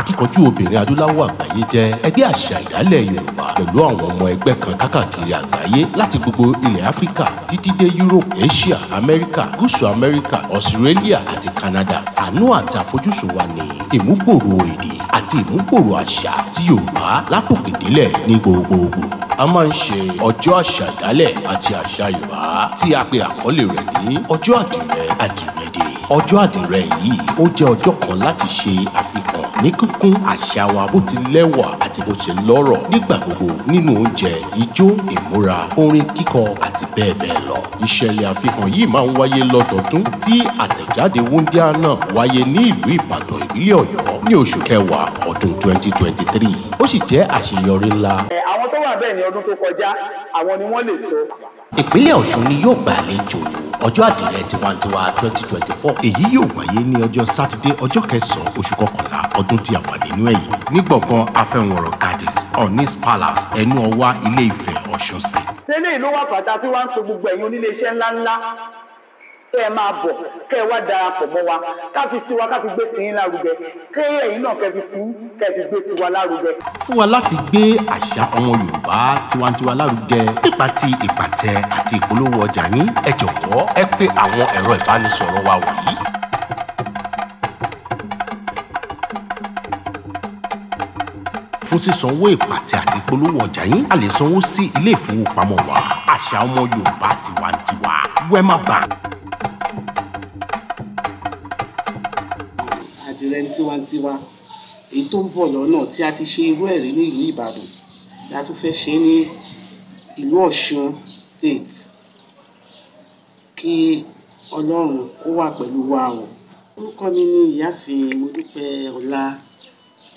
akíkanjú obìnrin adúláwọ̀ àgbáyé jẹ́ ẹgbẹ́ àṣà ìdálẹ̀ yorùbá pẹ̀lú àwọn ọmọ ẹgbẹ́ kan kákàkiri àgbáyé láti gbogbo ilẹ̀ áfíríkà títí dé europe asia amẹ́ríkà gúúsù amẹ́ríkà australia àti canada àánú àti àfojúsùn wa ní ìmúgbòòrò èdè àti ìmúgbòòrò àṣà ti yorùbá látòkè délẹ̀ ní gbogbogbò a máa ń ṣe ọjọ́ àṣà ìdálẹ̀ àti àṣà yorùbá tí a pe àkọlé rẹ̀ ní ọjọ́ àdìrẹ àdìrẹ dé ọjọ́ àdìrẹ yìí ó jẹ́ ọjọ́ kan láti ṣe àfihàn ní kíkún àṣà wa bó ti lẹ́wà àti bó ṣe lọ́rọ̀ nígbà gbogbo nínú oúnjẹ ijó ìmúra orin kíkọ àti bẹ́ẹ̀ bẹ́ẹ̀ lọ. ìṣẹ̀lẹ̀ àfihàn yìí máa ń wáyé lọ́dọọdún tí àtẹ̀jáde wúndíá náà wáyé ní ìlú ìbàdàn ìbílẹ̀ ọ̀yọ́ ní oṣù kẹwàá ọdún 2023 ó sì jẹ́ àṣeyọrí ńlá. àwọn tó wà bẹ́ẹ̀ ní ọdún tó kọjá àwọn ni wọ́n lè sọ. ìpínlẹ̀ ọ̀ṣun ni yóò gbàlejò ọjọ́ àdìrẹ tiwantiwa 2024 èyí yóò wáyé ní ọjọ́ sátidé ọjọ́ kẹsàn-án oṣù kọkànlá tó ti àwà nínú ẹ̀ yìí ní gbọ̀ngàn afẹ́wọ̀nrọ̀ gardens onis palace ẹnu ọwá ilé ìfẹ́ ọ̀ṣun state. tẹ́lẹ̀ ìlú wà pàtàkì tí wọ́n á ń so gbogbo ẹ̀yin oníléeṣẹ́ ńláńlá kẹ́ ẹ máa bọ̀ kẹ́ ẹ wá darapọ̀ mọ́ wa ká fi tiwa ká fi gbé tiyín lárugẹ kẹ́ ẹ̀yin náà kẹ́ fi tiyín kẹ́ fi gbé tiwa lárugẹ. fún wa láti gbé àṣà ọmọ Yorùbá tiwantiwa lárugẹ nípa ti ìpàtẹ àti ìpolówó ọjà yín ẹ jọ̀wọ́ ẹ pé àwọn ẹ̀rọ ìbánisọ̀rọ̀ wa wọ̀nyí fún sísanwó ìpàtẹ àti ìpolówó ọjà yín a lè sanwó sí ilé ìfowópamọ́ wa àṣà ọmọ Yorùbá tiwantiwa Wema Bank. àdìrẹ tiwantiwa èyí tó ń bọ̀ lọ́nà tí a ti ṣe irú ẹ̀ rí nílùú Ìbàdàn la tún fẹ́ ṣe ní ìlú Ọ̀ṣun state kí Ọlọ́run kó wà pẹ̀lú wa o orúkọ mi ni ìyáàfin Modúpẹ́ Ọlá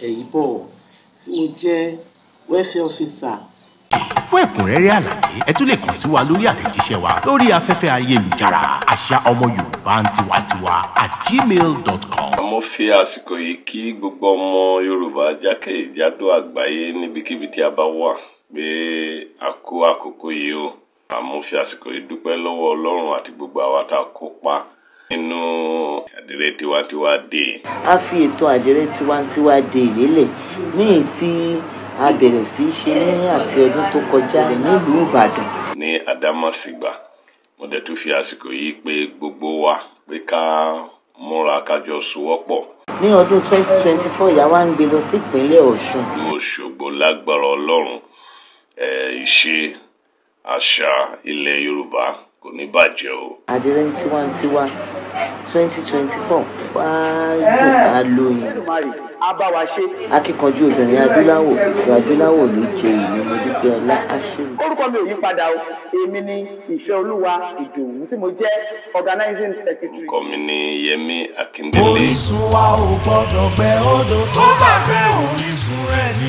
Ẹ̀yíbọ̀ tí mo jẹ́ welfare officer fún ẹ̀kúnrẹ́rẹ́ àlàyé ẹ tún lè kàn sí wa lórí àtẹ̀jíṣẹ́ wa lórí afẹ́fẹ́ ayélujára àṣà ọmọ yorùbá tiwantiwa at gmail.com. dot com. mo fi àsìkò yìí kí gbogbo ọmọ yorùbá jákèjádò àgbáyé níbikíbi tí a bá wà pé a kó àkókò yìí o àmọ́ fi àsìkò yìí dúpẹ́ lọ́wọ́ ọlọ́run àti gbogbo àwa tá a kópa nínú àjèrè tiwantiwa de. a fi ètò àjèrè tiwantiwa dé lélẹ̀ ní ìtí a bẹ̀rẹ̀ sí í ṣe ní àti ọdún tó kọjá nílùú ìbàdàn. ní àdámọ̀sígbà mo dẹ̀ tún fi àsìkò yìí pé gbogbo wa pé ká múra kájọ sowọ́pọ̀. ní ọdún 2024 ìyá wa ń gbé lọ sí ìpínlẹ̀ ọ̀ṣun. ní òṣogbo lágbára ọlọ́run ìṣe àṣà ilẹ̀ yorùbá kò ní bàjẹ́ o. àdìrẹ ń tiwa ń tiwa twenty twenty four wàá dùn á lóyún. akíkanjú obìnrin adúláwọ̀ ìfẹ́ adúláwọ̀ ló jẹ ìlú mọ́dúpẹ́ ọlá àṣírí. orúkọ mi ò yí padà o èmi ni ìfẹ́ olúwa ìdòwú tí mo jẹ́ organizing secretary. orúkọ mi ni Yẹmí Akíndélé. orísun wa ò gbọdọ̀ gbẹ odò tó bá gbẹ orísun rẹ̀ ní.